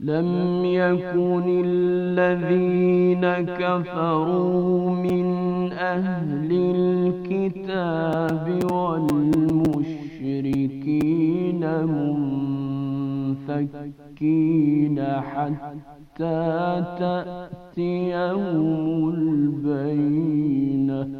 لم يكن الذين كفروا من أهل الكتاب والمشركين منفكين حتى تأتيهم البينه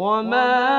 وما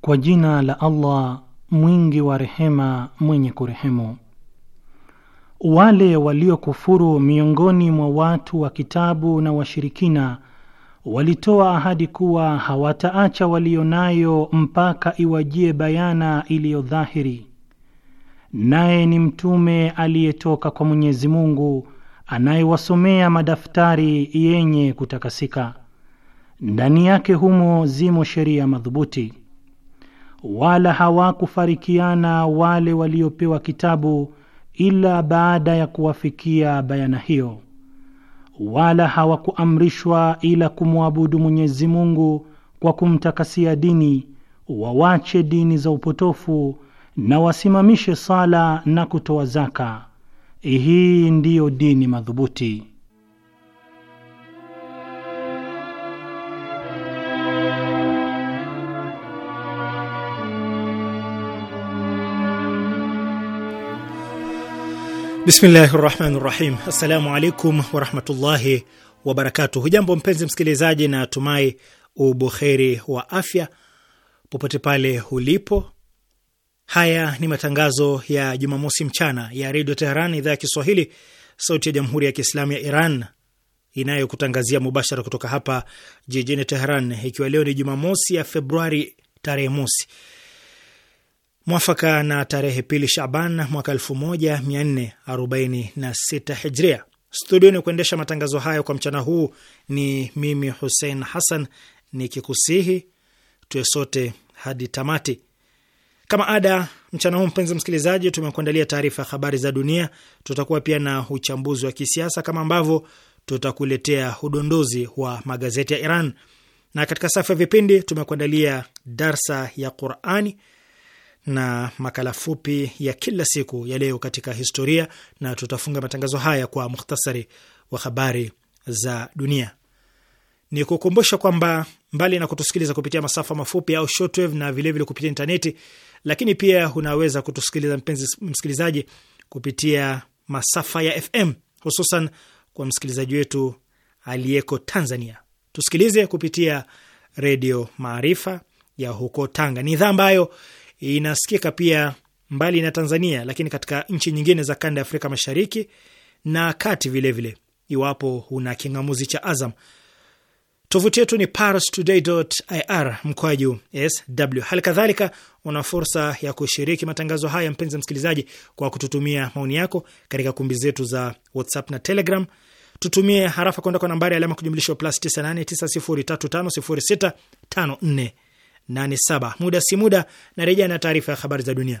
Kwa jina la Allah mwingi wa rehema mwenye kurehemu. Wale waliokufuru miongoni mwa watu wa kitabu na washirikina walitoa ahadi kuwa hawataacha walionayo mpaka iwajie bayana iliyo dhahiri, naye ni mtume aliyetoka kwa Mwenyezi Mungu anayewasomea madaftari yenye kutakasika. Ndani yake humo zimo sheria madhubuti. Wala hawakufarikiana wale waliopewa kitabu ila baada ya kuwafikia bayana hiyo, wala hawakuamrishwa ila kumwabudu Mwenyezi Mungu kwa kumtakasia dini, wawache dini za upotofu na wasimamishe sala na kutoa zaka hii ndiyo dini madhubuti. Bismillahi rahmani rahim. Assalamu alaikum warahmatullahi wabarakatuh. Hujambo mpenzi msikilizaji, na tumai ubuheri wa afya popote pale ulipo Haya ni matangazo ya Jumamosi mchana ya Redio Teheran, idhaa ya Kiswahili, sauti ya Jamhuri ya Kiislamu ya Iran inayokutangazia mubashara kutoka hapa jijini Teheran, ikiwa leo ni Jumamosi ya Februari tarehe mosi mwafaka na tarehe pili Shaban mwaka elfu moja mia nne arobaini na sita Hijria. Studioni kuendesha matangazo hayo kwa mchana huu ni mimi Hussein Hassan, nikikusihi tuwe sote hadi tamati. Kama ada, mchana huu mpenzi msikilizaji, tumekuandalia taarifa ya habari za dunia. Tutakuwa pia na uchambuzi wa kisiasa kama ambavyo tutakuletea udondozi wa magazeti ya Iran, na katika safu ya vipindi tumekuandalia darsa ya Qurani na makala fupi ya kila siku ya leo katika historia, na tutafunga matangazo haya kwa muhtasari wa habari za dunia. Ni kukumbusha kwamba Mbali na kutusikiliza kupitia masafa mafupi au shortwave na vilevile vile kupitia intaneti, lakini pia unaweza kutusikiliza mpenzi msikilizaji, kupitia masafa ya FM, hususan kwa msikilizaji wetu aliyeko Tanzania. Tusikilize kupitia Redio Maarifa ya huko Tanga. Ni idhaa ambayo inasikika pia mbali na Tanzania, lakini katika nchi nyingine za kanda ya Afrika Mashariki na kati vilevile vile, iwapo una king'amuzi cha Azam. Tovuti yetu ni parstoday.ir mkwaju sw. Hali kadhalika una fursa ya kushiriki matangazo haya, mpenzi msikilizaji, kwa kututumia maoni yako katika kumbi zetu za WhatsApp na Telegram. Tutumie harafa kwenda kwa nambari alama kujumlisha plus 989035065487. Muda si muda na rejea na taarifa ya habari za dunia.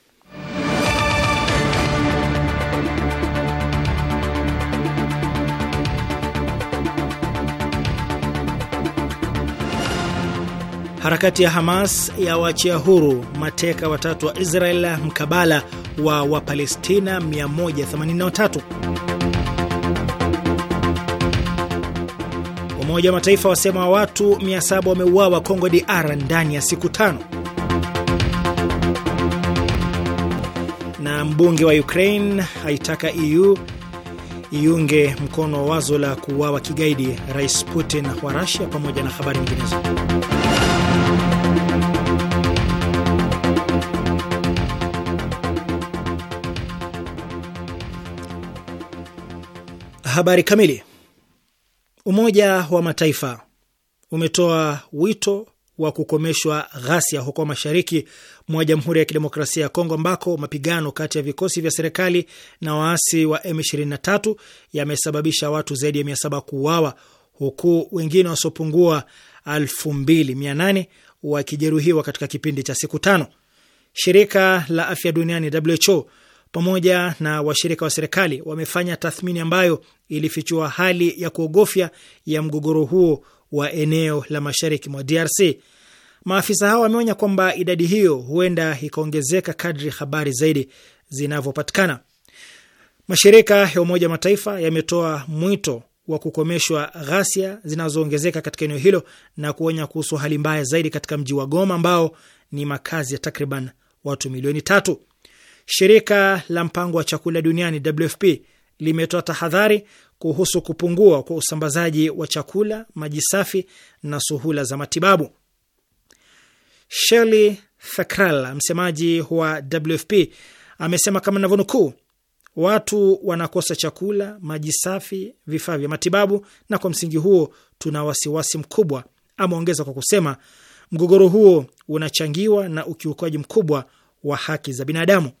Harakati ya Hamas ya wachia huru mateka watatu wa Israel mkabala wa Wapalestina 183. Umoja wa Mataifa wasema watu 700 wameuawa Kongo DR ndani ya siku tano. Na mbunge wa Ukraine aitaka EU iunge mkono wa wazo la kuuawa kigaidi Rais Putin wa rusia pamoja na habari nyinginezo. Habari kamili. Umoja wa Mataifa umetoa wito wa kukomeshwa ghasia huko mashariki mwa Jamhuri ya Kidemokrasia ya Kongo ambako mapigano kati ya vikosi vya serikali na waasi wa M23 yamesababisha watu zaidi ya 7 kuuawa huku wengine wasiopungua 2800 wakijeruhiwa katika kipindi cha siku tano. Shirika la Afya Duniani WHO pamoja na washirika wa serikali wamefanya tathmini ambayo ilifichua hali ya kuogofya ya mgogoro huo wa eneo la mashariki mwa DRC. Maafisa hao wameonya kwamba idadi hiyo huenda ikaongezeka kadri habari zaidi zinavyopatikana. Mashirika ya Umoja wa Mataifa yametoa mwito wa kukomeshwa ghasia zinazoongezeka katika eneo hilo na kuonya kuhusu hali mbaya zaidi katika mji wa Goma ambao ni makazi ya takriban watu milioni tatu. Shirika la mpango wa chakula duniani WFP limetoa tahadhari kuhusu kupungua kwa usambazaji wa chakula, maji safi na suhula za matibabu. sherly Thakral, msemaji wa WFP, amesema kama navyonukuu, watu wanakosa chakula, maji safi, vifaa vya matibabu, na kwa msingi huo tuna wasiwasi mkubwa. Ameongeza kwa kusema mgogoro huo unachangiwa na ukiukaji mkubwa wa haki za binadamu.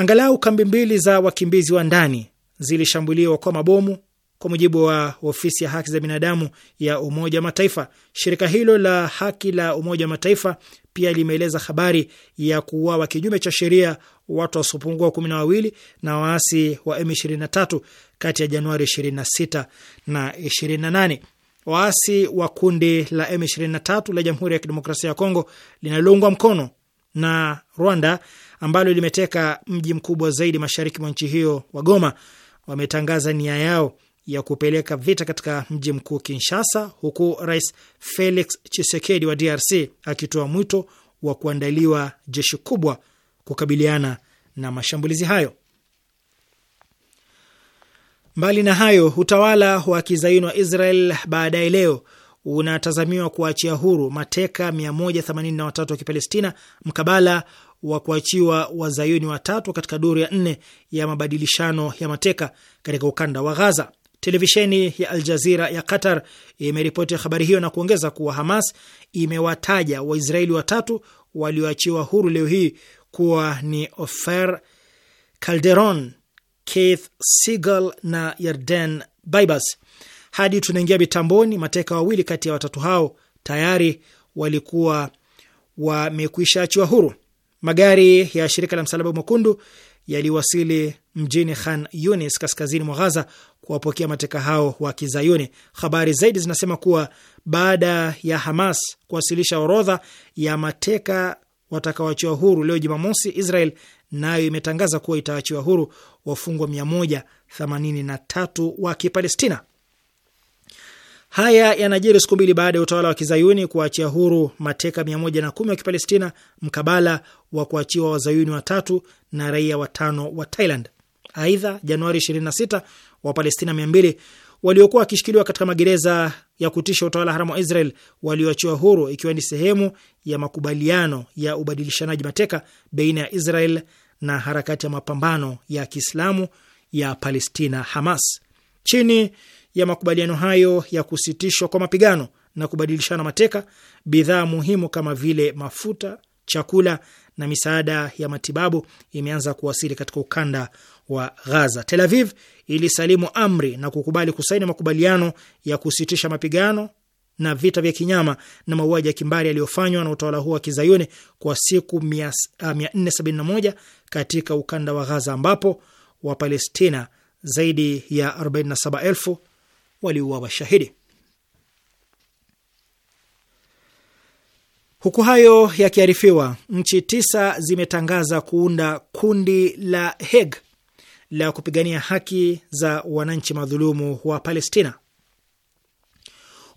Angalau kambi mbili za wakimbizi wa ndani zilishambuliwa kwa mabomu kwa mujibu wa ofisi ya haki za binadamu ya Umoja wa Mataifa. Shirika hilo la haki la Umoja wa Mataifa pia limeeleza habari ya kuuawa kinyume cha sheria watu wasiopungua kumi na wawili na waasi wa M23 kati ya Januari 26 na 28. Waasi wa kundi la M23 la Jamhuri ya Kidemokrasia ya Kongo linaloungwa mkono na Rwanda ambalo limeteka mji mkubwa zaidi mashariki mwa nchi hiyo wa Goma, wametangaza nia yao ya kupeleka vita katika mji mkuu Kinshasa, huku Rais Felix Tshisekedi wa DRC akitoa mwito wa kuandaliwa jeshi kubwa kukabiliana na mashambulizi hayo. Mbali na hayo, utawala wa kizayuni wa Israel baadaye leo unatazamiwa kuachia huru mateka 183 wa Kipalestina mkabala wa kuachiwa wazayuni watatu katika duru ya nne ya mabadilishano ya mateka katika ukanda wa Ghaza. Televisheni ya Aljazira ya Qatar imeripoti habari hiyo na kuongeza kuwa Hamas imewataja Waisraeli watatu walioachiwa huru leo hii kuwa ni Ofer Calderon, Keith Sigal na Yarden Bibas. Hadi tunaingia vitamboni, mateka wawili kati ya watatu hao tayari walikuwa wamekwisha achiwa huru. Magari ya shirika la Msalaba Mwekundu yaliwasili mjini Khan Yunis, kaskazini mwa Ghaza, kuwapokea mateka hao wa Kizayuni. Habari zaidi zinasema kuwa baada ya Hamas kuwasilisha orodha ya mateka watakaoachiwa huru leo Jumamosi, Israel nayo imetangaza kuwa itaachiwa huru wafungwa 183 wa Kipalestina. Haya yanajiri siku mbili baada ya utawala wa kizayuni kuachia huru mateka 110 wa Kipalestina mkabala wa kuachiwa wazayuni watatu na raia watano wa Thailand. Aidha, Januari 26 Wapalestina 200 waliokuwa wakishikiliwa katika magereza ya kutisha utawala haramu wa Israel walioachiwa huru, ikiwa ni sehemu ya makubaliano ya ubadilishanaji mateka baina ya Israel na harakati ya mapambano ya Kiislamu ya Palestina, Hamas. Chini ya makubaliano hayo ya kusitishwa kwa mapigano na kubadilishana mateka, bidhaa muhimu kama vile mafuta, chakula na misaada ya matibabu imeanza kuwasili katika ukanda wa Gaza. Tel Aviv ilisalimu amri na kukubali kusaini makubaliano ya kusitisha mapigano na vita vya kinyama na mauaji ya kimbari yaliyofanywa na utawala huo wa kizayuni kwa siku 471 uh, katika ukanda wa Gaza ambapo Wapalestina zaidi ya 47,000 waliuawa shahidi. Huku hayo yakiarifiwa, nchi tisa zimetangaza kuunda kundi la Hague la kupigania haki za wananchi madhulumu wa Palestina.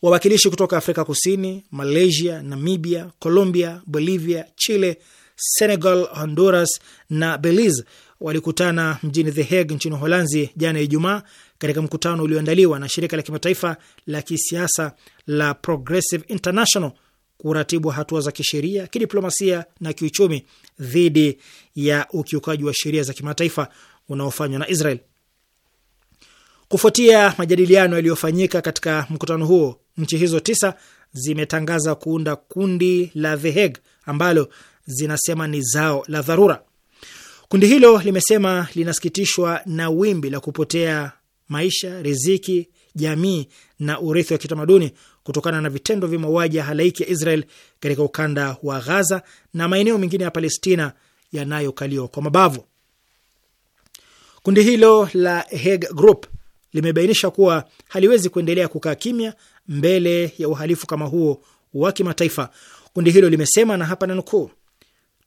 Wawakilishi kutoka Afrika Kusini, Malaysia, Namibia, Colombia, Bolivia, Chile, Senegal, Honduras na Belize walikutana mjini The Hague nchini Uholanzi jana Ijumaa katika mkutano ulioandaliwa na shirika la kimataifa la kisiasa la Progressive International kuratibu hatua za kisheria, kidiplomasia na kiuchumi dhidi ya ukiukaji wa sheria za kimataifa unaofanywa na Israel. Kufuatia majadiliano yaliyofanyika katika mkutano huo, nchi hizo tisa zimetangaza kuunda kundi la The Hague ambalo zinasema ni zao la dharura. Kundi hilo limesema linasikitishwa na wimbi la kupotea maisha, riziki, jamii na urithi wa kitamaduni kutokana na vitendo vya mauaji ya halaiki ya Israel katika ukanda wa Ghaza na maeneo mengine ya Palestina yanayokaliwa kwa mabavu. Kundi hilo la Hague Group limebainisha kuwa haliwezi kuendelea kukaa kimya mbele ya uhalifu kama huo wa kimataifa. Kundi hilo limesema, na hapa nanukuu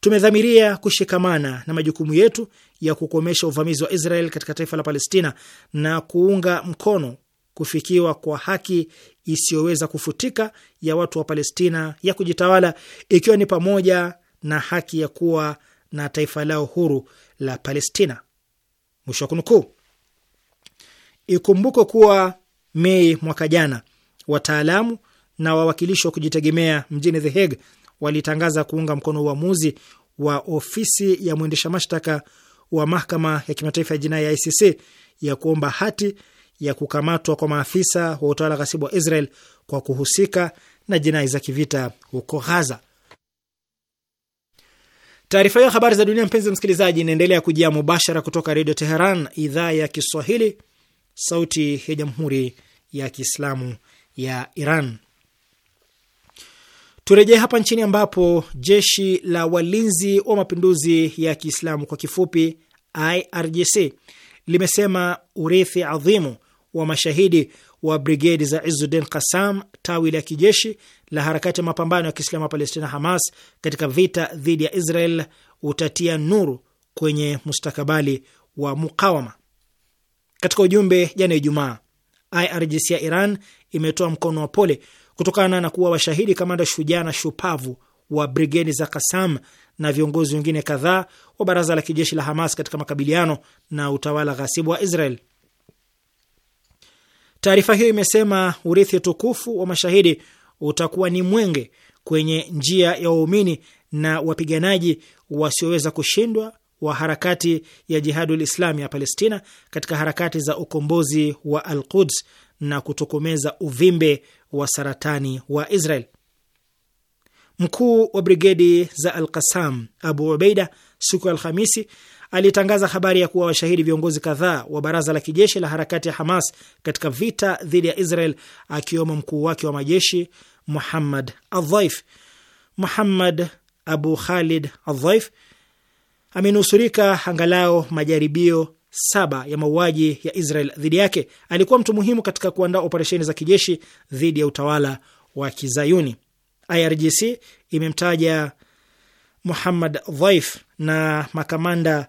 Tumedhamiria kushikamana na majukumu yetu ya kukomesha uvamizi wa Israel katika taifa la Palestina na kuunga mkono kufikiwa kwa haki isiyoweza kufutika ya watu wa Palestina ya kujitawala ikiwa ni pamoja na haki ya kuwa na taifa lao huru la Palestina. Mwisho wa kunukuu. Ikumbukwe kuwa Mei mwaka jana, wataalamu na wawakilishi wa kujitegemea mjini The Hague walitangaza kuunga mkono uamuzi wa ofisi ya mwendesha mashtaka wa mahakama ya kimataifa ya jinai ya ICC ya kuomba hati ya kukamatwa kwa maafisa wa utawala ghasibu wa Israel kwa kuhusika na jinai za kivita huko Gaza. Taarifa hiyo habari za dunia, mpenzi msikilizaji, inaendelea kujia mubashara kutoka Redio Teheran, idhaa ya Kiswahili, sauti ya Jamhuri ya Kiislamu ya Iran. Turejee hapa nchini ambapo jeshi la walinzi wa mapinduzi ya Kiislamu kwa kifupi IRGC limesema urithi adhimu wa mashahidi wa brigedi za Izzuddin Qassam, tawi la kijeshi la harakati ya mapambano ya Kiislamu ya Palestina, Hamas, katika vita dhidi ya Israel utatia nuru kwenye mustakabali wa mukawama. Katika ujumbe jana Ijumaa, IRGC ya Iran imetoa mkono wa pole kutokana na kuwa washahidi kamanda shujaa na shupavu wa brigedi za Kasam na viongozi wengine kadhaa wa baraza la kijeshi la Hamas katika makabiliano na utawala ghasibu wa Israel. Taarifa hiyo imesema urithi tukufu wa mashahidi utakuwa ni mwenge kwenye njia ya waumini na wapiganaji wasioweza kushindwa wa harakati ya Jihadul Islami ya Palestina katika harakati za ukombozi wa Al Quds na kutokomeza uvimbe wa saratani wa Israel. Mkuu wa brigedi za Al-Qassam Abu Ubeida siku ya Alhamisi alitangaza habari ya kuwa washahidi viongozi kadhaa wa baraza la kijeshi la harakati ya Hamas katika vita dhidi ya Israel, akiwemo mkuu wake wa majeshi Muhammad Adhaif. Muhammad Abu Khalid Adhaif amenusurika angalau majaribio saba ya mauaji ya Israel dhidi yake. Alikuwa mtu muhimu katika kuandaa operesheni za kijeshi dhidi ya utawala wa Kizayuni. IRGC imemtaja Muhammad Dhaif na makamanda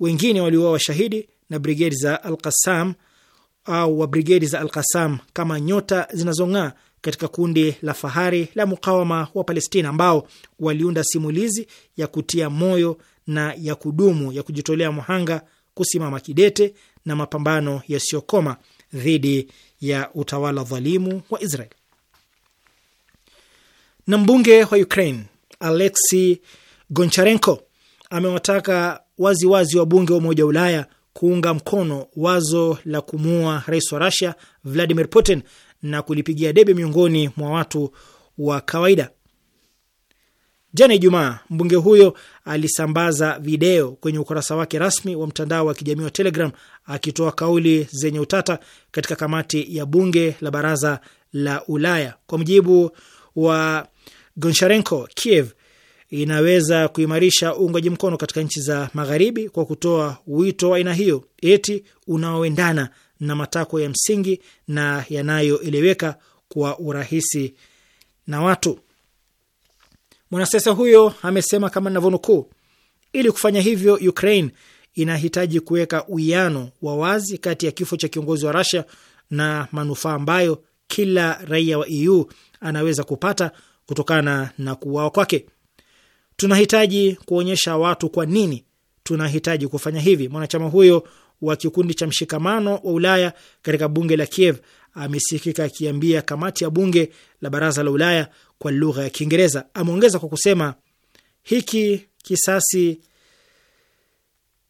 wengine waliuawa washahidi na brigedi za Al-Qassam au wa brigedi za Al-Qassam kama nyota zinazong'aa katika kundi la fahari la mukawama wa Palestina ambao waliunda simulizi ya kutia moyo na ya kudumu ya kujitolea muhanga kusimama kidete na mapambano yasiyokoma dhidi ya utawala dhalimu wa Israel. Na mbunge wa Ukraine Alexi Goncharenko amewataka waziwazi bunge wa Umoja wa Ulaya kuunga mkono wazo la kumuua rais wa Rusia Vladimir Putin na kulipigia debe miongoni mwa watu wa kawaida. Jana Ijumaa, mbunge huyo alisambaza video kwenye ukurasa wake rasmi wa mtandao wa kijamii wa Telegram akitoa kauli zenye utata katika kamati ya bunge la baraza la Ulaya. Kwa mujibu wa Gonsharenko, Kiev inaweza kuimarisha uungaji mkono katika nchi za magharibi kwa kutoa wito wa aina hiyo eti unaoendana na matakwa ya msingi na yanayoeleweka kwa urahisi na watu. Mwanasiasa huyo amesema kama navyonukuu, ili kufanya hivyo Ukraine inahitaji kuweka uwiano wa wazi kati ya kifo cha kiongozi wa Russia na manufaa ambayo kila raia wa EU anaweza kupata kutokana na kuuawa kwake. Tunahitaji kuonyesha watu kwa nini tunahitaji kufanya hivi. Mwanachama huyo wa kikundi cha mshikamano wa Ulaya katika bunge la Kiev amesikika akiambia kamati ya bunge la baraza la Ulaya kwa lugha ya Kiingereza. Ameongeza kwa kusema hiki kisasi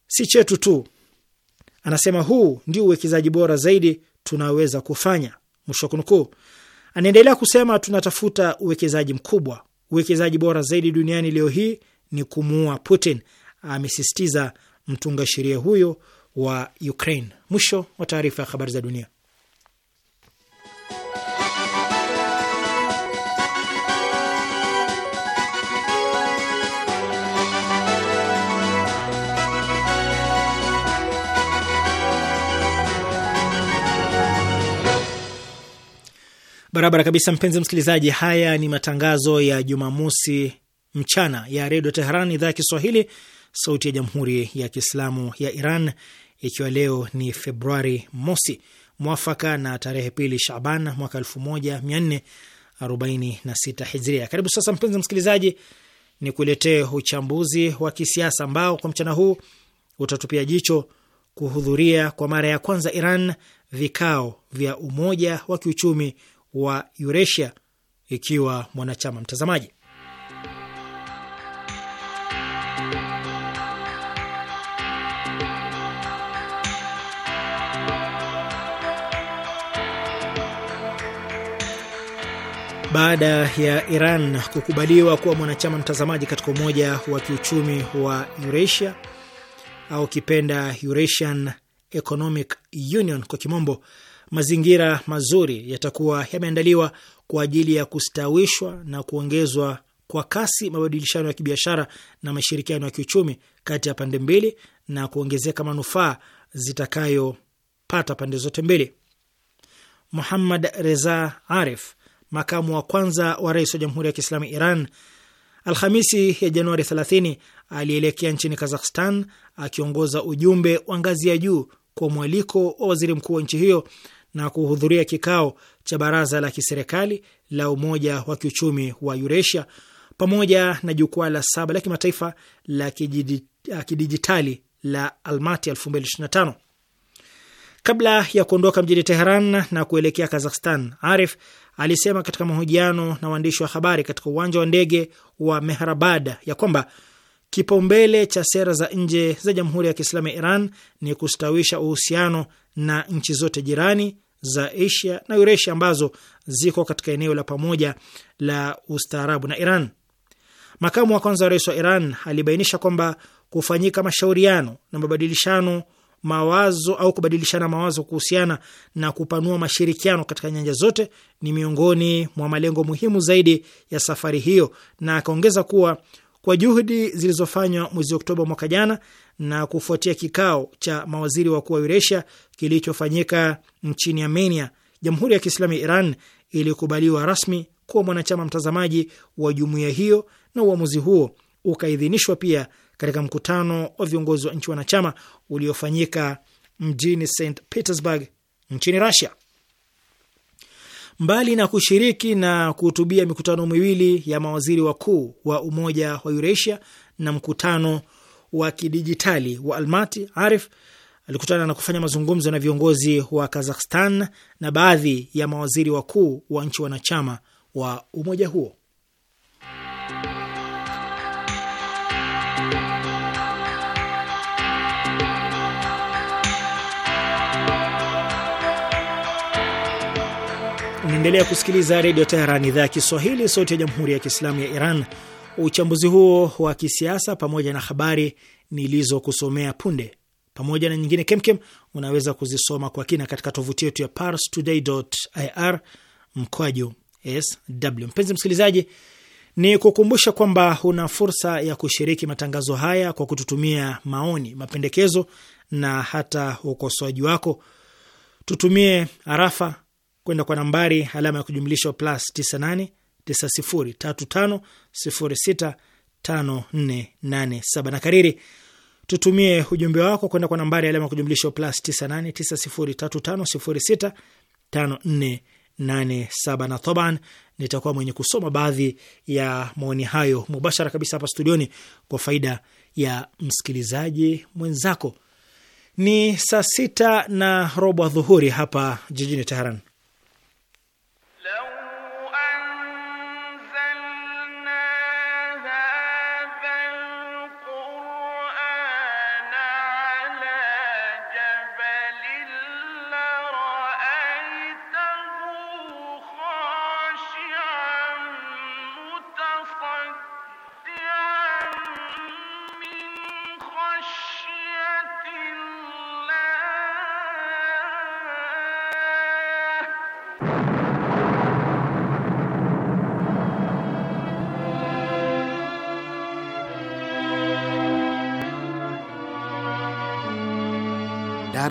si chetu tu, anasema huu ndio uwekezaji bora zaidi tunaweza kufanya, mwisho wa kunukuu. Anaendelea kusema tunatafuta uwekezaji mkubwa, uwekezaji bora zaidi duniani leo hii ni kumuua Putin, amesisitiza mtunga sheria huyo wa Ukraine. Mwisho wa taarifa ya habari za dunia. Barabara kabisa, mpenzi msikilizaji. Haya ni matangazo ya Jumamosi mchana ya Redio Teheran, idhaa ya Kiswahili, sauti ya Jamhuri ya Kiislamu ya Iran, ikiwa leo ni Februari mosi mwafaka na tarehe pili Shaban mwaka sita Hijria. Karibu sasa, mpenzi msikilizaji, ni kuletee uchambuzi wa kisiasa ambao kwa mchana huu utatupia jicho kuhudhuria kwa mara ya kwanza Iran vikao vya Umoja wa Kiuchumi wa Eurasia ikiwa mwanachama mtazamaji. Baada ya Iran kukubaliwa kuwa mwanachama mtazamaji katika umoja wa kiuchumi wa Eurasia au kipenda Eurasian Economic Union kwa kimombo, mazingira mazuri yatakuwa yameandaliwa kwa ajili ya kustawishwa na kuongezwa kwa kasi mabadilishano ya kibiashara na mashirikiano ya kiuchumi kati ya pande mbili na kuongezeka manufaa zitakayopata pande zote mbili. Muhammad Reza Arif, makamu wa kwanza wa rais wa Jamhuri ya Kiislamu Iran, Alhamisi ya Januari 30 alielekea nchini Kazakhstan akiongoza ujumbe wa ngazi ya juu kwa mwaliko wa waziri mkuu wa nchi hiyo na kuhudhuria kikao cha baraza la kiserikali la umoja wa kiuchumi wa Eurasia pamoja na jukwaa la saba la kimataifa la ah, kidijitali la Almati 2025. Kabla ya kuondoka mjini Teheran na kuelekea Kazakhstan, Arif alisema katika mahojiano na waandishi wa habari katika uwanja wa ndege wa Mehrabad ya kwamba kipaumbele cha sera za nje za Jamhuri ya Kiislamu ya Iran ni kustawisha uhusiano na nchi zote jirani za Asia na Eurasia ambazo ziko katika eneo la pamoja la ustaarabu na Iran. Makamu wa kwanza wa rais wa Iran alibainisha kwamba kufanyika mashauriano na mabadilishano mawazo au kubadilishana mawazo kuhusiana na kupanua mashirikiano katika nyanja zote ni miongoni mwa malengo muhimu zaidi ya safari hiyo, na akaongeza kuwa kwa juhudi zilizofanywa mwezi Oktoba mwaka jana na kufuatia kikao cha mawaziri wakuu wa Uresia kilichofanyika nchini Armenia, Jamhuri ya Kiislamu ya Iran ilikubaliwa rasmi kuwa mwanachama mtazamaji wa jumuiya hiyo, na uamuzi huo ukaidhinishwa pia katika mkutano wa viongozi wa nchi wanachama uliofanyika mjini St Petersburg nchini Russia. Mbali na kushiriki na kuhutubia mikutano miwili ya mawaziri wakuu wa Umoja wa Eurasia na mkutano wa kidijitali wa Almati, Arif alikutana na kufanya mazungumzo na viongozi wa Kazakhstan na baadhi ya mawaziri wakuu wa nchi wanachama wa umoja huo. Unaendelea kusikiliza Redio Teheran, idhaa ya Kiswahili, sauti ya Jamhuri ya Kiislamu ya Iran. Uchambuzi huo wa kisiasa pamoja na habari nilizokusomea punde pamoja na nyingine kemkem unaweza kuzisoma kwa kina katika tovuti yetu ya parstoday.ir mkwaju sw. Mpenzi msikilizaji, ni kukumbusha kwamba una fursa ya kushiriki matangazo haya kwa kututumia maoni, mapendekezo na hata ukosoaji wako. Tutumie arafa kwenda kwa nambari alama ya kujumlisha plus 98 na kariri tutumie ujumbe wako kwenda kwa nambari alama ya kujumlishwa plus 98 na toban nitakuwa mwenye kusoma baadhi ya maoni hayo mubashara kabisa hapa studioni kwa faida ya msikilizaji mwenzako. Ni saa sita na robo adhuhuri hapa jijini Teheran.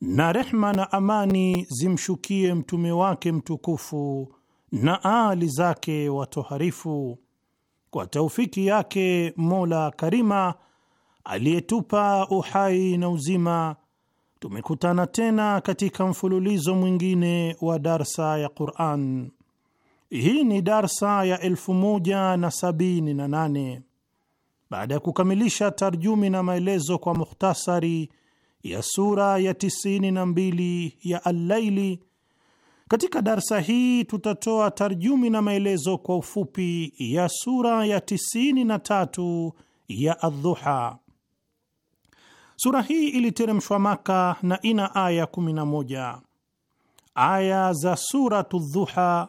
na rehma na amani zimshukie mtume wake mtukufu na aali zake watoharifu. Kwa taufiki yake Mola Karima aliyetupa uhai na uzima, tumekutana tena katika mfululizo mwingine wa darsa ya Quran. Hii ni darsa ya elfu moja na sabini na nane baada ya kukamilisha tarjumi na maelezo kwa mukhtasari ya sura ya tisini na mbili ya Allaili. Katika darsa hii tutatoa tarjumi na maelezo kwa ufupi ya sura ya tisini na tatu ya Adhuha. Sura hii iliteremshwa Maka na ina aya moja. Aya za Suratu Dhuha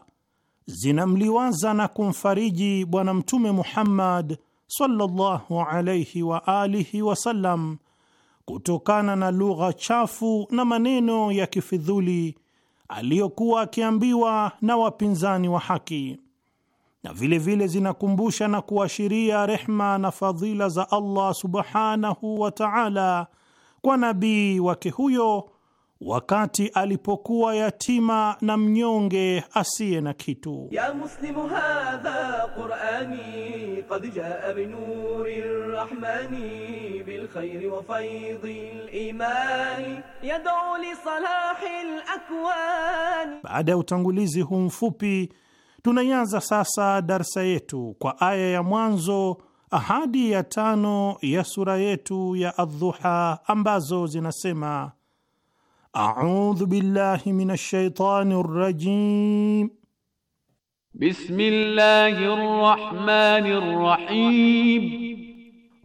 zinamliwaza na kumfariji Bwana Mtume Muhammad sallallahu alayhi wa alihi wasallam kutokana na lugha chafu na maneno ya kifidhuli aliyokuwa akiambiwa na wapinzani wa haki, na vile vile zinakumbusha na kuashiria rehma na fadhila za Allah subhanahu wa ta'ala kwa nabii wake huyo wakati alipokuwa yatima na mnyonge asiye na kitu. ya muslimu hadha qurani qad jaa bi nuri bil khairi wa limani yad'u li salahi Baada ya utangulizi huu mfupi, tunaianza sasa darsa yetu kwa aya ya mwanzo ahadi ya tano ya sura yetu ya Adhuha ambazo zinasema A'udhu billahi minash shaitani rrajim. Bismillahir rahmanir rahim.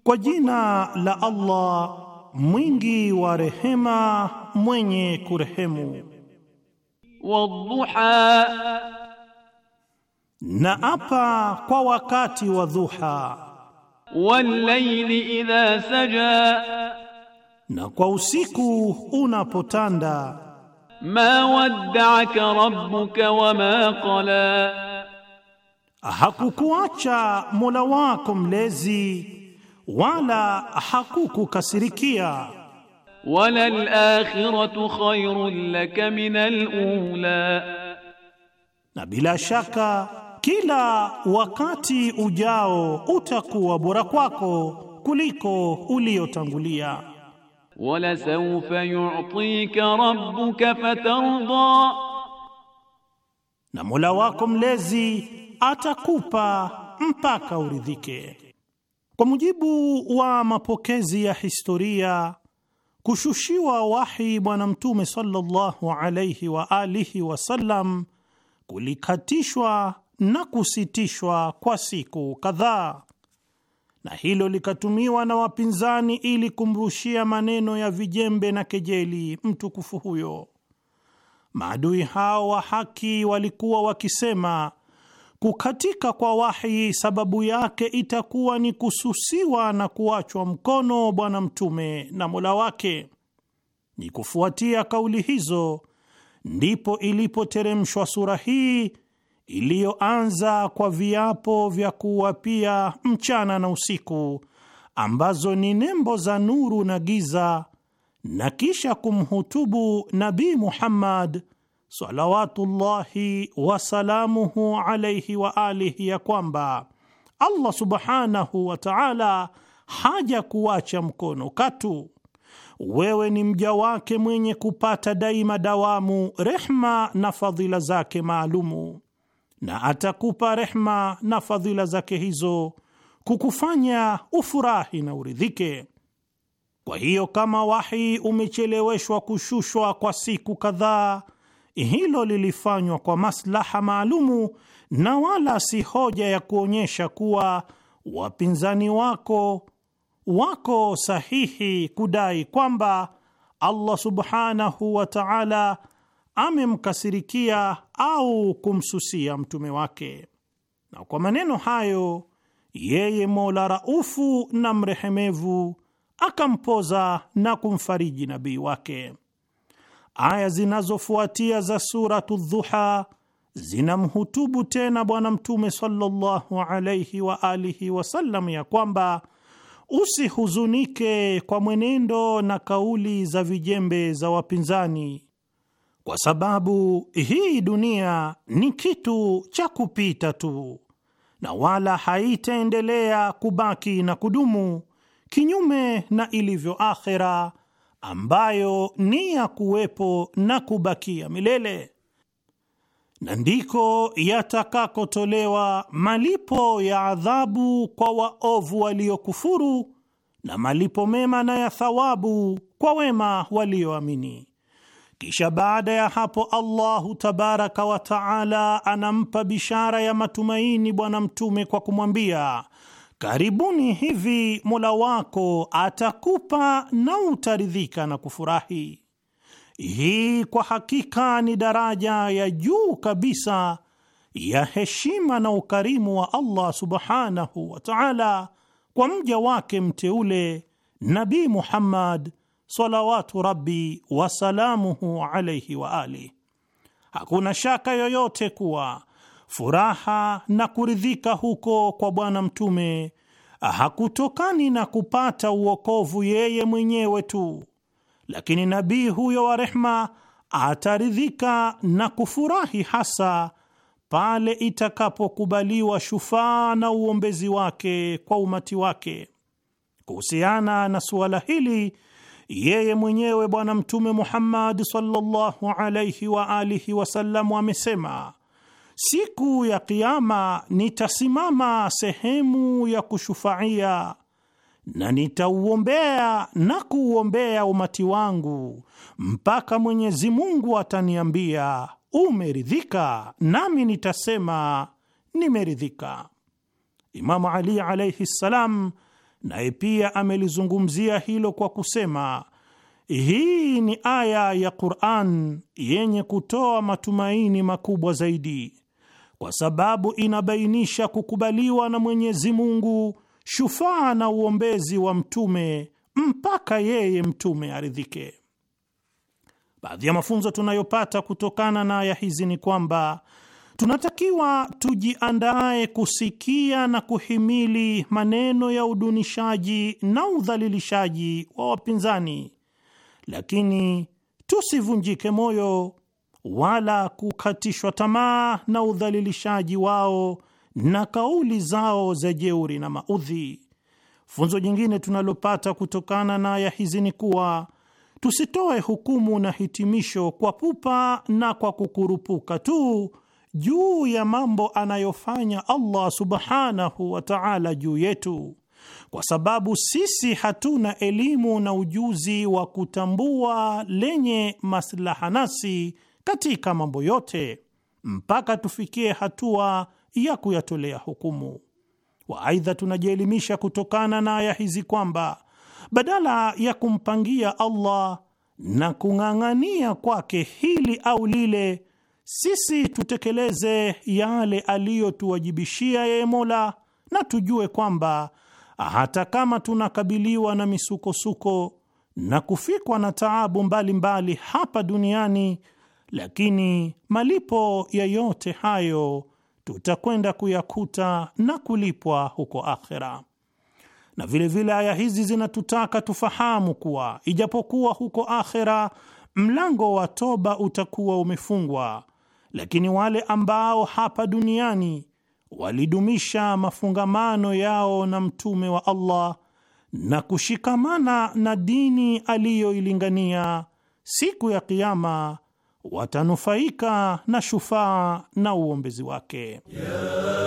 Kwa jina la Allah mwingi wa rehema mwenye kurehemu. Wadhuha, na apa kwa wakati wa dhuha. Wallayli idha saja na kwa usiku unapotanda. Ma wadda'aka rabbuka ma qala, hakukuacha Mola wako mlezi wala hakukukasirikia. Wala al-akhiratu khayrun laka min al-ula, na bila shaka kila wakati ujao utakuwa bora kwako kuliko uliotangulia wala sawfa yu'tika rabbuka fatarda, na Mola wako mlezi atakupa mpaka uridhike. Kwa mujibu wa mapokezi ya historia, kushushiwa wahi Bwana Mtume sallallahu alayhi wa alihi wasallam kulikatishwa na kusitishwa kwa siku kadhaa na hilo likatumiwa na wapinzani ili kumrushia maneno ya vijembe na kejeli mtukufu huyo. Maadui hao wa haki walikuwa wakisema kukatika kwa wahi sababu yake itakuwa ni kususiwa na kuachwa mkono Bwana Mtume na Mola wake. Ni kufuatia kauli hizo ndipo ilipoteremshwa sura hii iliyoanza kwa viapo vya kuwapia mchana na usiku, ambazo ni nembo za nuru na giza, na kisha kumhutubu Nabii Muhammad salawatullahi wasalamuhu alaihi wa alihi, ya kwamba Allah subhanahu wa taala haja kuacha mkono katu, wewe ni mja wake mwenye kupata daima dawamu rehma na fadhila zake maalumu na atakupa rehma na fadhila zake hizo kukufanya ufurahi na uridhike. Kwa hiyo kama wahi umecheleweshwa kushushwa kwa siku kadhaa, hilo lilifanywa kwa maslaha maalumu na wala si hoja ya kuonyesha kuwa wapinzani wako wako sahihi kudai kwamba Allah subhanahu wa ta'ala amemkasirikia au kumsusia mtume wake. Na kwa maneno hayo yeye Mola raufu na mrehemevu akampoza na kumfariji nabii wake. Aya zinazofuatia za Suratu Dhuha zinamhutubu tena Bwana Mtume sallallahu alaihi wa alihi wasallam ya kwamba usihuzunike kwa mwenendo na kauli za vijembe za wapinzani, kwa sababu hii dunia ni kitu cha kupita tu na wala haitaendelea kubaki na kudumu, kinyume na ilivyo akhera ambayo ni ya kuwepo na kubakia milele, na ndiko yatakakotolewa malipo ya adhabu kwa waovu waliokufuru na malipo mema na ya thawabu kwa wema walioamini. Kisha baada ya hapo Allahu tabaraka wa taala anampa bishara ya matumaini Bwana Mtume kwa kumwambia, karibuni hivi Mola wako atakupa na utaridhika na kufurahi. Hii kwa hakika ni daraja ya juu kabisa ya heshima na ukarimu wa Allah subhanahu wa taala kwa mja wake mteule Nabii Muhammad salawatu rabbi wasalamuhu alaihi wa alih. Hakuna shaka yoyote kuwa furaha na kuridhika huko kwa Bwana Mtume hakutokani na kupata uokovu yeye mwenyewe tu, lakini nabii huyo wa rehma ataridhika na kufurahi hasa pale itakapokubaliwa shufaa na uombezi wake kwa umati wake. Kuhusiana na suala hili yeye mwenyewe Bwana Mtume Muhammad sallallahu alayhi wa alihi wasallam amesema, siku ya Kiama nitasimama sehemu ya kushufaia na nitauombea na kuuombea umati wangu mpaka Mwenyezi Mungu ataniambia umeridhika, nami nitasema nimeridhika. Imamu Ali alayhi ssalam naye pia amelizungumzia hilo kwa kusema, hii ni aya ya Qur'an yenye kutoa matumaini makubwa zaidi, kwa sababu inabainisha kukubaliwa na Mwenyezi Mungu shufaa na uombezi wa mtume mpaka yeye mtume aridhike. Baadhi ya mafunzo tunayopata kutokana na aya hizi ni kwamba tunatakiwa tujiandae kusikia na kuhimili maneno ya udunishaji na udhalilishaji wa wapinzani, lakini tusivunjike moyo wala kukatishwa tamaa na udhalilishaji wao na kauli zao za jeuri na maudhi. Funzo jingine tunalopata kutokana na aya hizi ni kuwa tusitoe hukumu na hitimisho kwa pupa na kwa kukurupuka tu juu ya mambo anayofanya Allah subhanahu wa ta'ala juu yetu, kwa sababu sisi hatuna elimu na ujuzi wa kutambua lenye maslaha nasi katika mambo yote mpaka tufikie hatua ya kuyatolea hukumu. wa Aidha, tunajielimisha kutokana na aya hizi kwamba badala ya kumpangia Allah na kung'ang'ania kwake hili au lile sisi tutekeleze yale aliyotuwajibishia yeye Mola, na tujue kwamba hata kama tunakabiliwa na misukosuko na kufikwa na taabu mbalimbali mbali hapa duniani, lakini malipo ya yote hayo tutakwenda kuyakuta na kulipwa huko akhera. Na vilevile aya hizi zinatutaka tufahamu kuwa ijapokuwa huko akhera mlango wa toba utakuwa umefungwa lakini wale ambao hapa duniani walidumisha mafungamano yao na mtume wa Allah na kushikamana na dini aliyoilingania, siku ya Kiyama watanufaika na shufaa na uombezi wake ya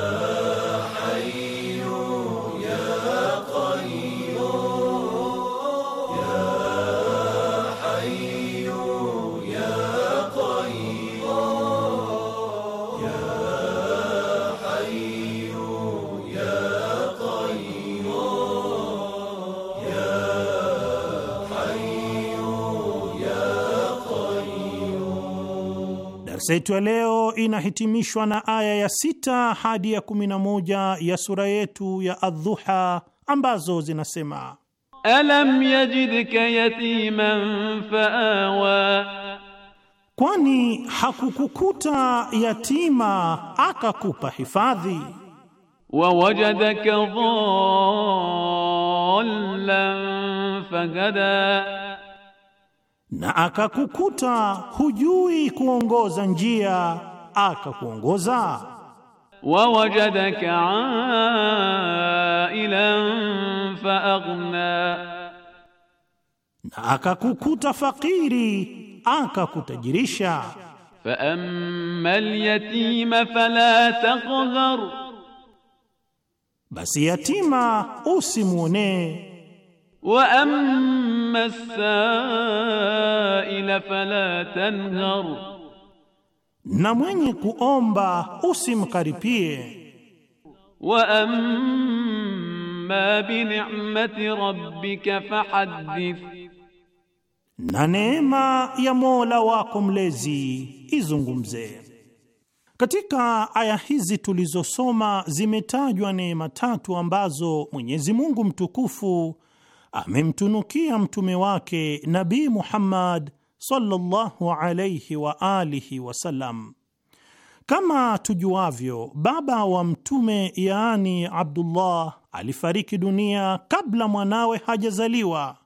Darsa yetu ya leo inahitimishwa na aya ya sita hadi ya kumi na moja ya sura yetu ya Adhuha ambazo zinasema: alam yajidka yatiman faawa, kwani hakukukuta yatima akakupa hifadhi. Wawajadaka dhallan fahada na akakukuta hujui kuongoza njia akakuongoza. Wawajadaka ailan aghna, na akakukuta fakiri akakutajirisha. amma alyatima fala taqhar, basi yatima usimwonee wa amma saila fala tanhar, na mwenye kuomba usimkaripie. Wa amma bi ni'mati rabbika fahaddith, na neema ya Mola wako mlezi izungumze. Katika aya hizi tulizosoma zimetajwa neema tatu ambazo Mwenyezi Mungu mtukufu amemtunukia mtume wake nabi Muhammad sallallahu alayhi wa alihi wasallam. Kama tujuavyo, baba wa mtume yaani Abdullah alifariki dunia kabla mwanawe hajazaliwa,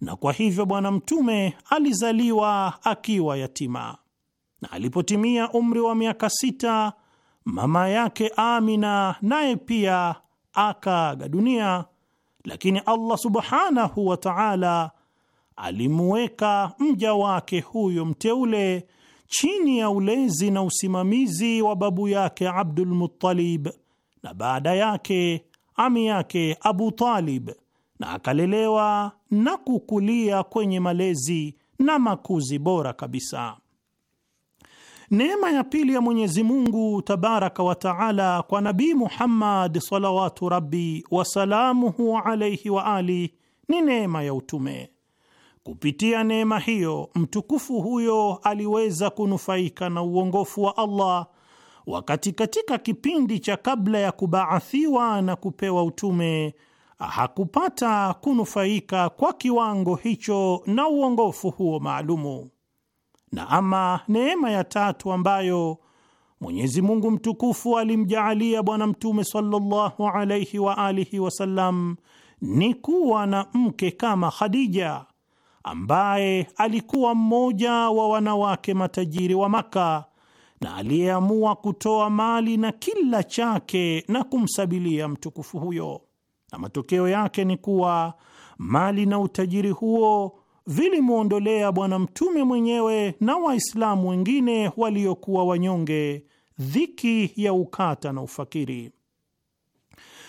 na kwa hivyo bwana mtume alizaliwa akiwa yatima, na alipotimia umri wa miaka sita, mama yake Amina naye pia akaaga dunia lakini Allah subhanahu wa ta'ala alimuweka mja wake huyo mteule chini ya ulezi na usimamizi wa babu yake Abdul Muttalib na baada yake ami yake Abu Talib na akalelewa na kukulia kwenye malezi na makuzi bora kabisa. Neema ya pili ya Mwenyezi Mungu tabaraka wa taala kwa Nabii Muhammad salawatu rabbi wasalamuhu alaihi wa ali ni neema ya utume. Kupitia neema hiyo mtukufu huyo aliweza kunufaika na uongofu wa Allah wakati katika kipindi cha kabla ya kubaathiwa na kupewa utume hakupata kunufaika kwa kiwango hicho na uongofu huo maalumu. Na ama neema ya tatu ambayo Mwenyezi Mungu mtukufu alimjaalia Bwana Mtume sallallahu alayhi wa alihi wasallam ni kuwa na mke kama Khadija ambaye alikuwa mmoja wa wanawake matajiri wa Maka na aliyeamua kutoa mali na kila chake na kumsabilia mtukufu huyo, na matokeo yake ni kuwa mali na utajiri huo vilimwondolea Bwana Mtume mwenyewe na Waislamu wengine waliokuwa wanyonge dhiki ya ukata na ufakiri.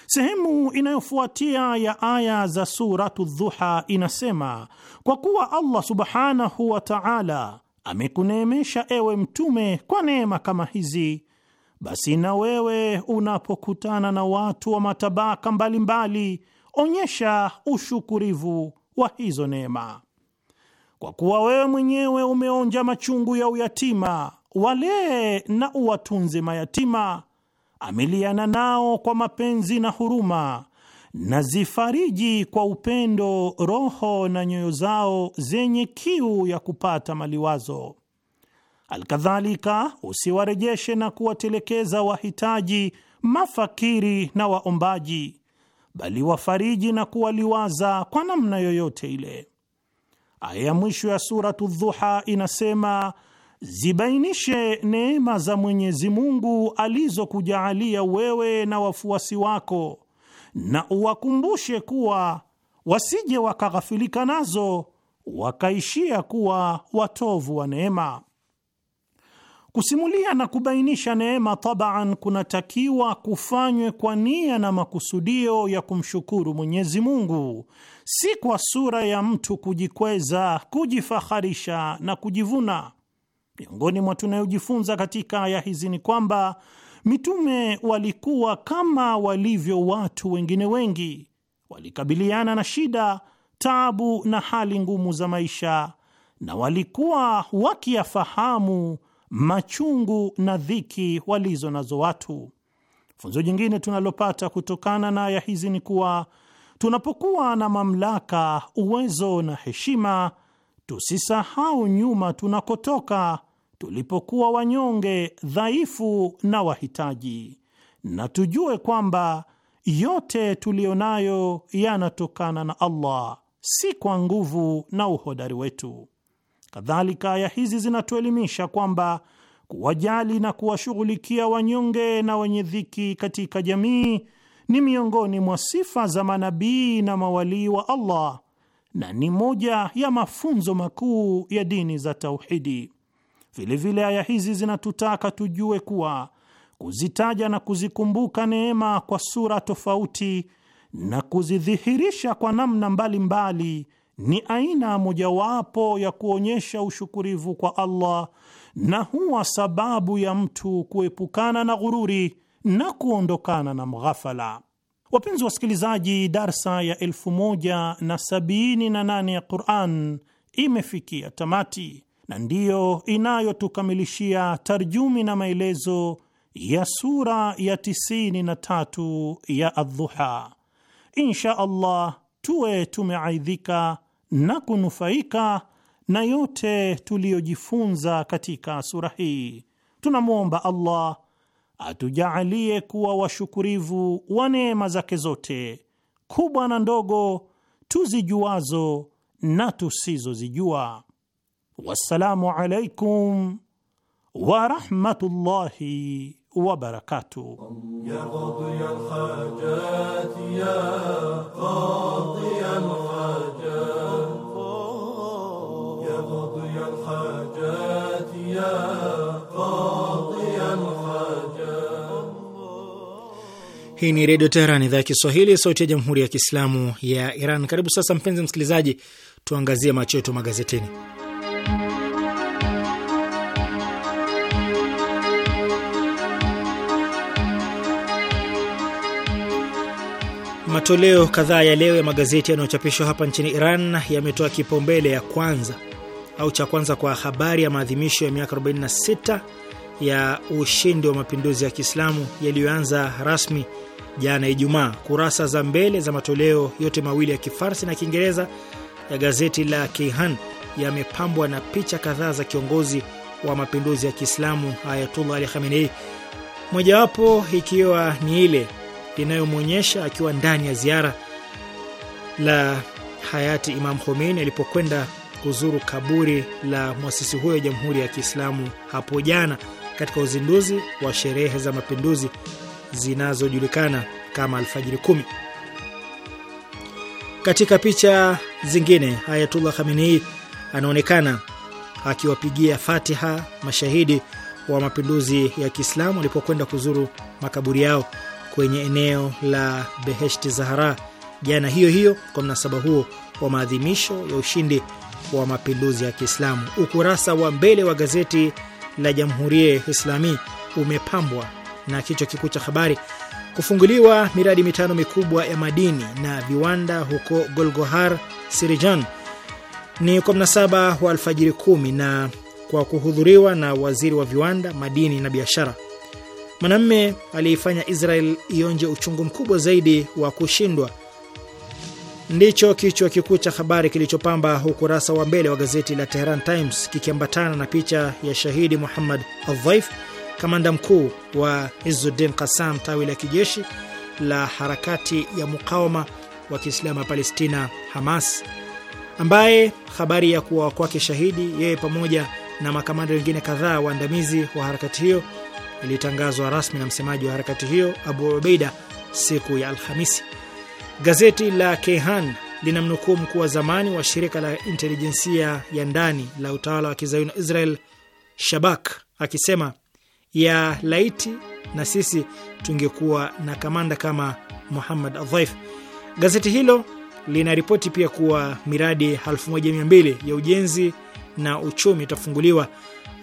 Sehemu inayofuatia ya aya za Suratu Dhuha inasema, kwa kuwa Allah subhanahu wa taala amekuneemesha ewe Mtume kwa neema kama hizi, basi na wewe unapokutana na watu wa matabaka mbalimbali mbali, onyesha ushukurivu wa hizo neema kwa kuwa wewe mwenyewe umeonja machungu ya uyatima, walee na uwatunze mayatima, amiliana nao kwa mapenzi na huruma, na zifariji kwa upendo roho na nyoyo zao zenye kiu ya kupata maliwazo. Alkadhalika, usiwarejeshe na kuwatelekeza wahitaji, mafakiri na waombaji, bali wafariji na kuwaliwaza kwa namna yoyote ile. Aya ya mwisho ya Suratu Dhuha inasema zibainishe neema za Mwenyezi Mungu alizokujaalia wewe na wafuasi wako, na uwakumbushe kuwa wasije wakaghafilika nazo wakaishia kuwa watovu wa neema. Kusimulia na kubainisha neema tabaan, kunatakiwa kufanywe kwa nia na makusudio ya kumshukuru Mwenyezi Mungu si kwa sura ya mtu kujikweza, kujifaharisha na kujivuna. Miongoni mwa tunayojifunza katika aya hizi ni kwamba mitume walikuwa kama walivyo watu wengine wengi, walikabiliana na shida, taabu na hali ngumu za maisha, na walikuwa wakiyafahamu machungu na dhiki walizo nazo watu. Funzo jingine tunalopata kutokana na aya hizi ni kuwa Tunapokuwa na mamlaka, uwezo na heshima, tusisahau nyuma tunakotoka, tulipokuwa wanyonge, dhaifu na wahitaji, na tujue kwamba yote tuliyo nayo yanatokana na Allah, si kwa nguvu na uhodari wetu. Kadhalika, aya hizi zinatuelimisha kwamba kuwajali na kuwashughulikia wanyonge na wenye dhiki katika jamii ni miongoni mwa sifa za manabii na mawalii wa Allah na ni moja ya mafunzo makuu ya dini za tauhidi. Vilevile aya hizi zinatutaka tujue kuwa kuzitaja na kuzikumbuka neema kwa sura tofauti na kuzidhihirisha kwa namna mbalimbali mbali, ni aina mojawapo ya kuonyesha ushukurivu kwa Allah na huwa sababu ya mtu kuepukana na ghururi na kuondokana na mghafala. Wapenzi wasikilizaji, darsa ya 1078 ya Quran imefikia tamati na ndiyo inayotukamilishia tarjumi na maelezo ya sura ya 93 ya Adhuha. Insha Allah tuwe tumeaidhika na kunufaika na yote tuliyojifunza katika sura hii. Tunamwomba Allah atujaalie kuwa washukurivu wa neema zake zote kubwa na ndogo, tuzijuazo na tusizozijua. Wassalamu alaikum warahmatullahi wabarakatuh. Hii ni Redio Teheran, idhaa ya Kiswahili, sauti ya Jamhuri ya Kiislamu ya Iran. Karibu sasa, mpenzi msikilizaji, tuangazie macho yetu magazetini. Matoleo kadhaa ya leo ya magazeti yanayochapishwa hapa nchini Iran yametoa kipaumbele ya kwanza au cha kwanza kwa habari ya maadhimisho ya miaka 46 ya ushindi wa mapinduzi ya Kiislamu yaliyoanza rasmi jana Ijumaa. Kurasa za mbele za matoleo yote mawili ya Kifarsi na Kiingereza ya gazeti la Keihan yamepambwa na picha kadhaa za kiongozi wa mapinduzi ya Kiislamu Ayatullah Ali Khamenei, mojawapo ikiwa ni ile inayomwonyesha akiwa ndani ya ziara la hayati Imam Khomeini alipokwenda kuzuru kaburi la mwasisi huyo wa Jamhuri ya Kiislamu hapo jana katika uzinduzi wa sherehe za mapinduzi zinazojulikana kama alfajiri kumi. Katika picha zingine, Ayatullah Khamenei anaonekana akiwapigia fatiha mashahidi wa mapinduzi ya Kiislamu walipokwenda kuzuru makaburi yao kwenye eneo la Beheshti Zahara jana hiyo hiyo, kwa mnasaba huo wa maadhimisho ya ushindi wa mapinduzi ya Kiislamu. Ukurasa wa mbele wa gazeti la Jamhuria Islami umepambwa na kichwa kikuu cha habari kufunguliwa miradi mitano mikubwa ya madini na viwanda huko Golgohar, Sirijan ni kwa mnasaba wa alfajiri kumi na kwa kuhudhuriwa na waziri wa viwanda, madini na biashara. Mwanamme aliyeifanya Israel ionje uchungu mkubwa zaidi wa kushindwa, ndicho kichwa kikuu cha habari kilichopamba ukurasa wa mbele wa gazeti la Tehran Times, kikiambatana na picha ya shahidi Muhammad Aldhaif kamanda mkuu wa Izuddin Kasam, tawi la kijeshi la harakati ya mukawama wa Kiislamu ya Palestina, Hamas, ambaye habari ya kuwa kwake shahidi yeye pamoja na makamanda wengine kadhaa waandamizi wa harakati hiyo ilitangazwa rasmi na msemaji wa harakati hiyo Abu Ubeida siku ya Alhamisi. Gazeti la Kehan lina mnukuu mkuu wa zamani wa shirika la intelijensia ya ndani la utawala wa kizayuni Israel, Shabak, akisema ya laiti na sisi tungekuwa na kamanda kama Muhammad Adhaif. Gazeti hilo linaripoti pia kuwa miradi 1200 ya ujenzi na uchumi itafunguliwa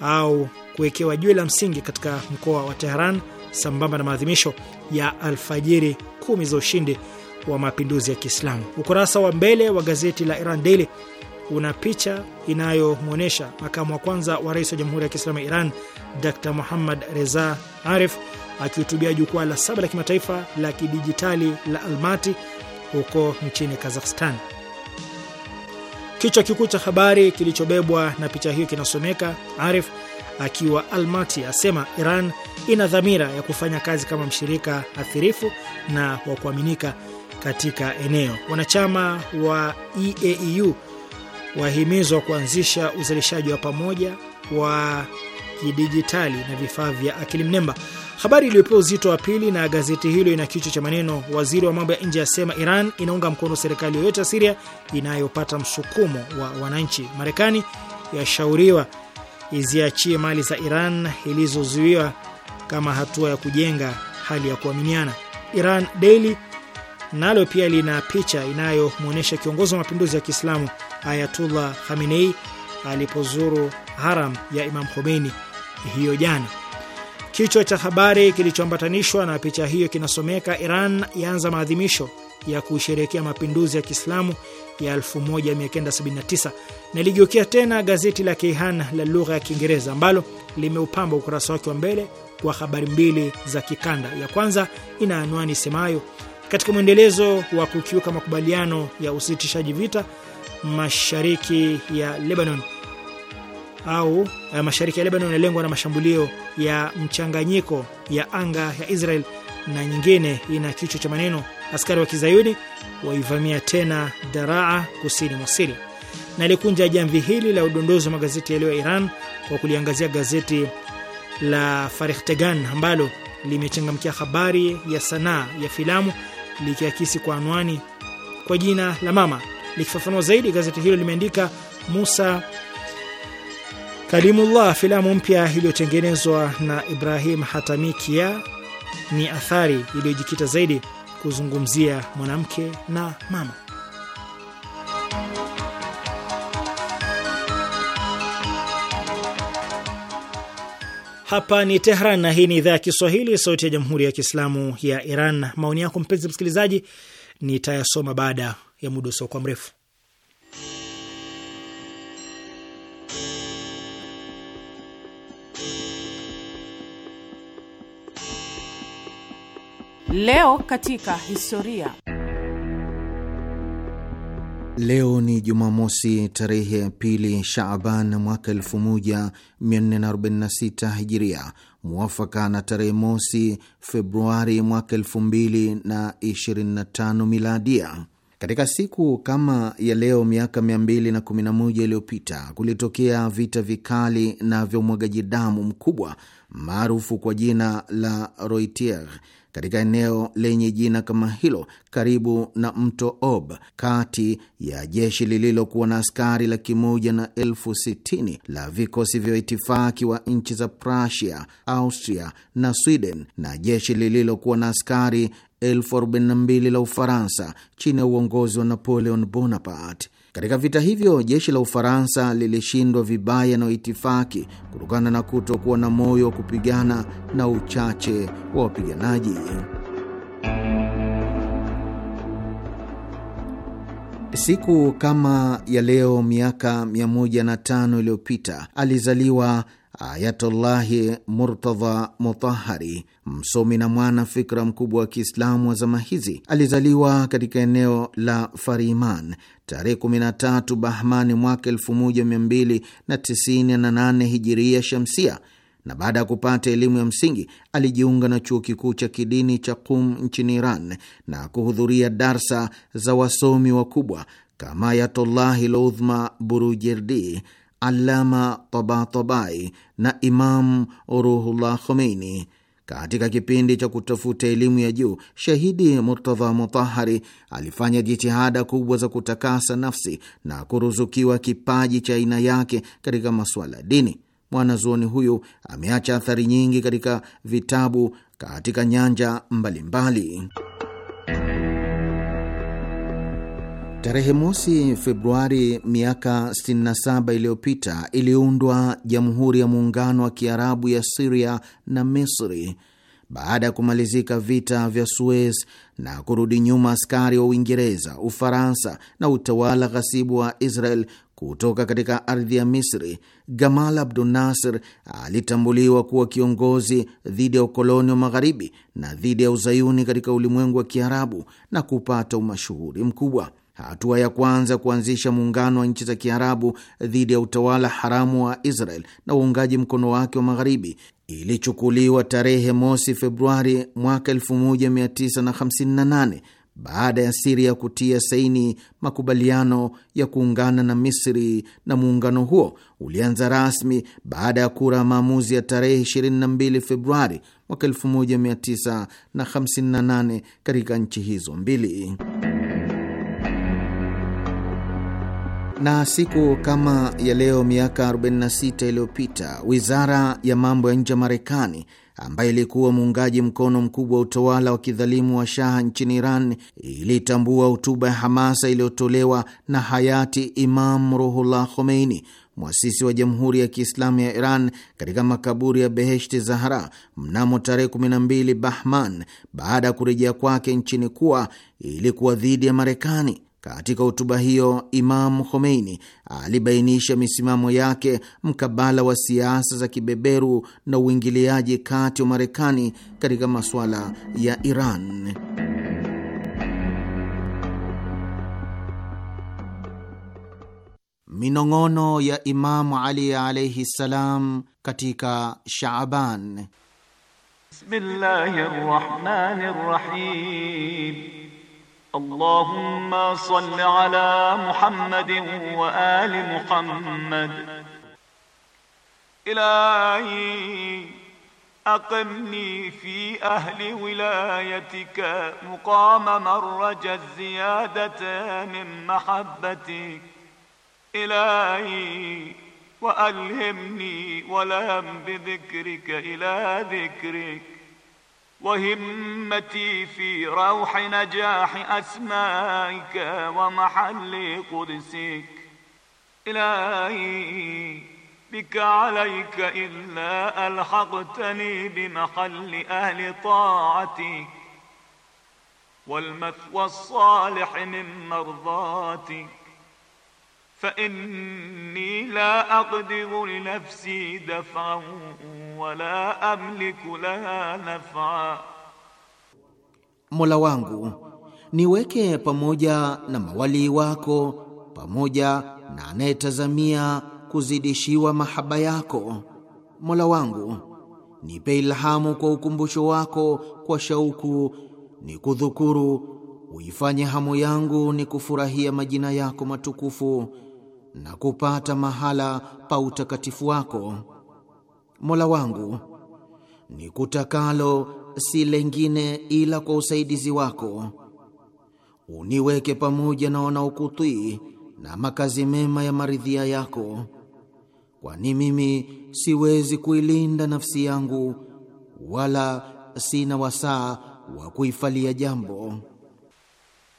au kuwekewa jiwe la msingi katika mkoa wa Tehran sambamba na maadhimisho ya alfajiri kumi za ushindi wa mapinduzi ya Kiislamu. Ukurasa wa mbele wa gazeti la Iran Daily una picha inayomwonyesha makamu wa kwanza wa rais wa Jamhuri ya Kiislamu ya Iran Dr Muhammad Reza Arif akihutubia jukwaa la saba la kimataifa la kidijitali la Almati huko nchini Kazakhstan. Kichwa kikuu cha habari kilichobebwa na picha hiyo kinasomeka Arif akiwa Almati asema Iran ina dhamira ya kufanya kazi kama mshirika athirifu na wa kuaminika katika eneo. Wanachama wa EAEU wahimizwa kuanzisha uzalishaji wa pamoja wa kidijitali na vifaa vya akili mnemba. Habari iliyopewa uzito wa pili na gazeti hilo ina kichwa cha maneno, waziri wa mambo ya nje asema Iran inaunga mkono serikali yoyote ya Siria inayopata msukumo wa wananchi. Marekani yashauriwa iziachie mali za Iran ilizozuiwa kama hatua ya kujenga hali ya kuaminiana. Iran Daily nalo pia lina picha inayomwonyesha kiongozi wa mapinduzi ya Kiislamu Ayatullah Khamenei alipozuru haram ya Imam Khomeini hiyo jana. Kichwa cha habari kilichoambatanishwa na picha hiyo kinasomeka Iran yaanza maadhimisho ya kusherehekea mapinduzi ya Kiislamu ya 1979 na iligeukia tena gazeti la Keihan la lugha ya Kiingereza ambalo limeupamba ukurasa wake wa mbele kwa habari mbili za kikanda. Ya kwanza ina anwani semayo, katika mwendelezo wa kukiuka makubaliano ya usitishaji vita, mashariki ya Lebanon au uh, mashariki ya Lebanon inalengwa na mashambulio ya mchanganyiko ya anga ya Israel na nyingine ina kichwa cha maneno askari wa kizayuni waivamia tena Daraa kusini mwa Siria. Na likunja jamvi hili la udondozi wa magazeti yaliyo ya Iran kwa kuliangazia gazeti la tegan ambalo limechangamkia habari ya sanaa ya filamu likiakisi kwa anwani kwa jina la mama Likifafanua zaidi, gazeti hilo limeandika Musa Kalimullah, filamu mpya iliyotengenezwa na Ibrahim Hatamikia ni athari iliyojikita zaidi kuzungumzia mwanamke na mama. Hapa ni Tehran na hii ni idhaa ya Kiswahili, sauti ya jamhuri ya kiislamu ya Iran. Maoni yako mpenzi msikilizaji, nitayasoma baada ya muda usiokuwa mrefu. Leo katika historia. Leo ni Jumamosi, tarehe ya pili Shaaban mwaka 1446 Hijiria, mwafaka na tarehe mosi Februari mwaka 2025 Miladia. Katika siku kama ya leo miaka 211 iliyopita kulitokea vita vikali na vya umwagaji damu mkubwa maarufu kwa jina la Roitier katika eneo lenye jina kama hilo karibu na mto Ob, kati ya jeshi lililokuwa na askari laki moja na elfu sitini la vikosi vya itifaki wa nchi za Prussia, Austria na Sweden na jeshi lililokuwa na askari 42 la Ufaransa chini ya uongozi wa Napoleon Bonaparte. Katika vita hivyo jeshi la Ufaransa lilishindwa vibaya na waitifaki kutokana na kutokuwa na moyo wa kupigana na uchache wa wapiganaji. Siku kama ya leo miaka 105 iliyopita alizaliwa Ayatullahi Murtadha Mutahari, msomi na mwana fikra mkubwa wa Kiislamu wa zama hizi, alizaliwa katika eneo la Fariman tarehe 13 Bahmani mwaka 1298 Hijiria Shamsia, na baada ya kupata elimu ya msingi alijiunga na chuo kikuu cha kidini cha Qum nchini Iran na kuhudhuria darsa za wasomi wakubwa kama Ayatullahi Ludhma Burujerdi Alama Tabatabai na Imam Ruhullah Khomeini. Katika kipindi cha kutafuta elimu ya juu, shahidi Murtadha Mutahari alifanya jitihada kubwa za kutakasa nafsi na kuruzukiwa kipaji cha aina yake katika masuala ya dini. Mwanazuoni huyu ameacha athari nyingi katika vitabu katika nyanja mbalimbali mbali. Tarehe mosi Februari miaka 67 iliyopita iliundwa Jamhuri ya Muungano wa Kiarabu ya Siria na Misri baada ya kumalizika vita vya Suez na kurudi nyuma askari wa Uingereza, Ufaransa na utawala ghasibu wa Israel kutoka katika ardhi ya Misri, Gamal Abdu Nasir alitambuliwa kuwa kiongozi dhidi ya ukoloni wa Magharibi na dhidi ya uzayuni katika ulimwengu wa Kiarabu na kupata umashuhuri mkubwa. Hatua ya kwanza kuanzisha muungano wa nchi za Kiarabu dhidi ya utawala haramu wa Israel na uungaji mkono wake wa magharibi ilichukuliwa tarehe mosi Februari mwaka 1958 baada ya Siria kutia saini makubaliano ya kuungana na Misri, na muungano huo ulianza rasmi baada ya kura ya maamuzi ya tarehe 22 Februari mwaka 1958 katika nchi hizo mbili. Na siku kama ya leo miaka 46 iliyopita wizara ya mambo ya nje ya Marekani ambaye ilikuwa muungaji mkono mkubwa wa utawala wa kidhalimu wa shaha nchini Iran ilitambua hotuba ya hamasa iliyotolewa na hayati Imam Ruhullah Khomeini, mwasisi wa Jamhuri ya Kiislamu ya Iran, katika makaburi ya Beheshti Zahara mnamo tarehe 12 Bahman baada ya kurejea kwake nchini kuwa ilikuwa dhidi ya Marekani. Katika hotuba hiyo Imam Khomeini alibainisha misimamo yake mkabala wa siasa za kibeberu na uingiliaji kati wa Marekani katika masuala ya Iran. Minong'ono ya Imamu Ali alaihi ssalam katika Shaaban. rahim اللهم صل على محمد وآل محمد إلهي أقمني في أهل ولايتك مقام مرج الزيادة من محبتك إلهي وألهمني ولم بذكرك إلى ذكرك وهمتي في روح نجاح أسمائك ومحل قدسك إلهي بك عليك إلا ألحقتني بمحل أهل طاعتك والمثوى الصالح من مرضاتك فإني لا أقدر لنفسي دفعا wala amliku laha naf'a, Mola wangu niweke pamoja na mawalii wako pamoja na anayetazamia kuzidishiwa mahaba yako. Mola wangu nipe ilhamu kwa ukumbusho wako, kwa shauku ni kudhukuru, uifanye hamu yangu ni kufurahia majina yako matukufu na kupata mahala pa utakatifu wako. Mola wangu, ni kutakalo si lengine ila kwa usaidizi wako, uniweke pamoja na wanaokutii na makazi mema ya maridhia yako, kwani mimi siwezi kuilinda nafsi yangu wala sina wasaa wa kuifalia jambo.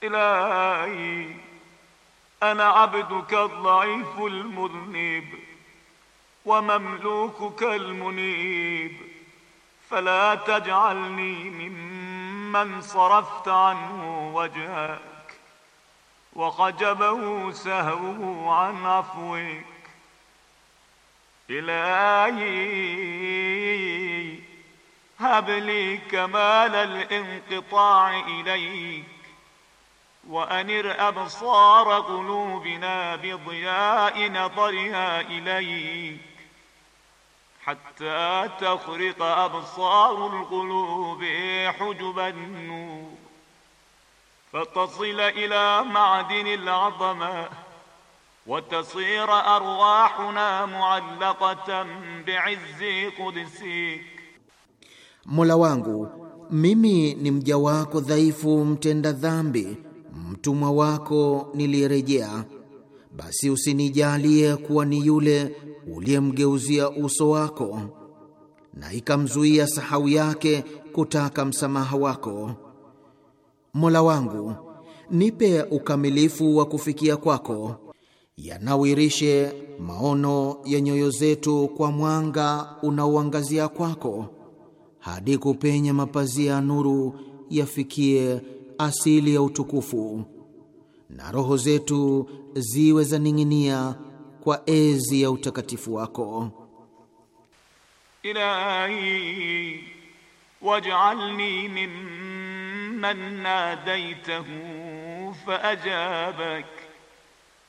Ilahi ana abduka dhaifu almudhnib ومملوكك المنيب فلا تجعلني ممن صرفت عنه وجهك وخجبه سهوه عن عفوك إلهي هب لي كمال الانقطاع إليك وأنر أبصار قلوبنا بضياء نظرها إليك hatta takhriqa absarul qulubi hujuban nur fatasila ila ma'dinil azama watasira arwahuna muallaqatan bi'izzi qudisik, Mola wangu mimi ni mja wako dhaifu, mtenda dhambi, mtumwa wako nilirejea, basi usinijalie kuwa ni yule uliyemgeuzia uso wako na ikamzuia sahau yake kutaka msamaha wako. Mola wangu, nipe ukamilifu wa kufikia kwako, yanawirishe maono ya nyoyo zetu kwa mwanga unaoangazia kwako, hadi kupenya mapazia ya nuru yafikie asili ya utukufu, na roho zetu ziwe zaning'inia kwa enzi ya utakatifu wako. Ilahi waj'alni mimman nadaitahu faajabak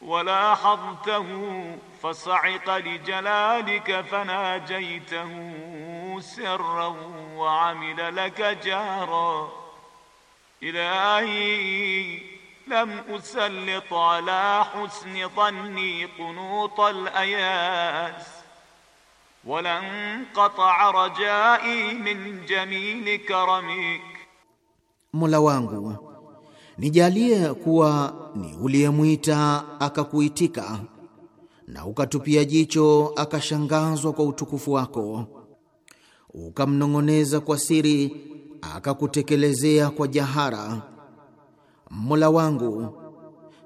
wala hadtahu fasa'iqa lijalalika fanajaitahu sirran wa amila laka jahra ilahi لم أسلط على حسن ظني قنوط الأياس قطع رجائي من جميل كرمك Mola wangu nijalie kuwa ni uliyemwita akakuitika na ukatupia jicho akashangazwa kwa utukufu wako, ukamnong'oneza kwa siri akakutekelezea kwa jahara Mola wangu,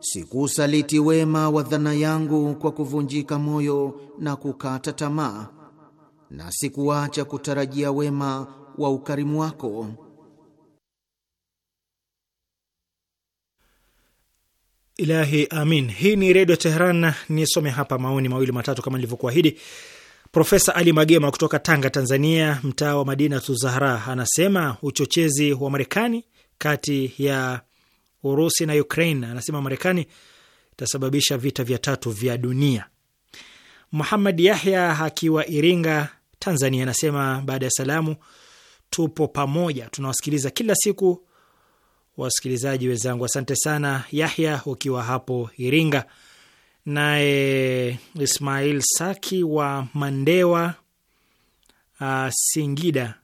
sikuusaliti wema wa dhana yangu kwa kuvunjika moyo na kukata tamaa, na sikuacha kutarajia wema wa ukarimu wako. Ilahi, amin. Hii ni Redio Teheran. Nisome hapa maoni mawili matatu kama nilivyokuahidi. Profesa Ali Magema kutoka Tanga, Tanzania, mtaa wa Madina Tuzahra, anasema uchochezi wa Marekani kati ya Urusi na Ukraine. Anasema Marekani itasababisha vita vya tatu vya dunia. Muhammad Yahya akiwa Iringa, Tanzania, anasema baada ya salamu, tupo pamoja, tunawasikiliza kila siku wasikilizaji wenzangu. Asante sana Yahya ukiwa hapo Iringa. Naye Ismail Saki wa Mandewa, uh, Singida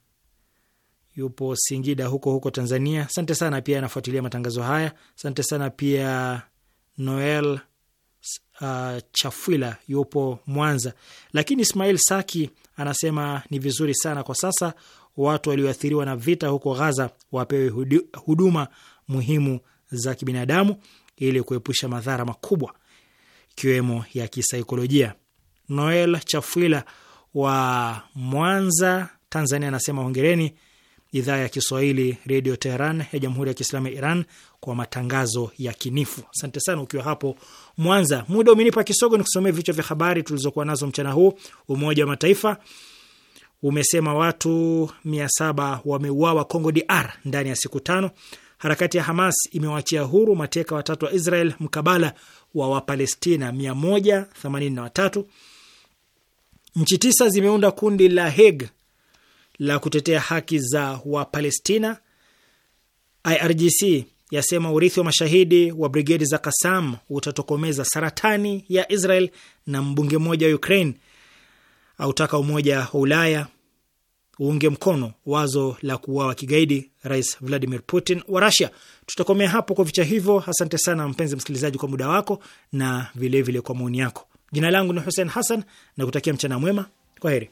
yupo Singida huko huko Tanzania. Asante sana pia, anafuatilia matangazo haya. Asante sana pia Noel uh, Chafwila yupo Mwanza. Lakini Ismail Saki anasema ni vizuri sana kwa sasa watu walioathiriwa na vita huko Ghaza wapewe huduma muhimu za kibinadamu ili kuepusha madhara makubwa ikiwemo ya kisaikolojia. Noel Chafwila wa Mwanza, Tanzania anasema hongereni idhaa ya Kiswahili Redio Teheran ya Jamhuri ya Kiislamu ya Iran kwa matangazo ya kinifu. Asante sana ukiwa hapo Mwanza. Muda umenipa kisogo ni kusomea vichwa vya habari tulizokuwa nazo mchana huu. Umoja wa Mataifa umesema watu mia saba wameuawa Congo DR ndani ya siku tano. Harakati ya Hamas imewachia huru mateka watatu wa Israel mkabala wa Wapalestina 183. Nchi tisa zimeunda kundi la Hague la kutetea haki za Wapalestina, IRGC yasema urithi wa mashahidi wa brigedi za Kasam utatokomeza saratani ya Israel, na mbunge mmoja wa Ukraine autaka Umoja wa Ulaya uunge mkono wazo la kuuawa kigaidi Rais Vladimir Putin wa rusia Tutakomea hapo kwa vicha hivyo. Asante sana mpenzi msikilizaji kwa muda wako na vilevile vile kwa maoni yako. Jina langu ni Hussein Hassan na kutakia mchana mwema. Kwa heri.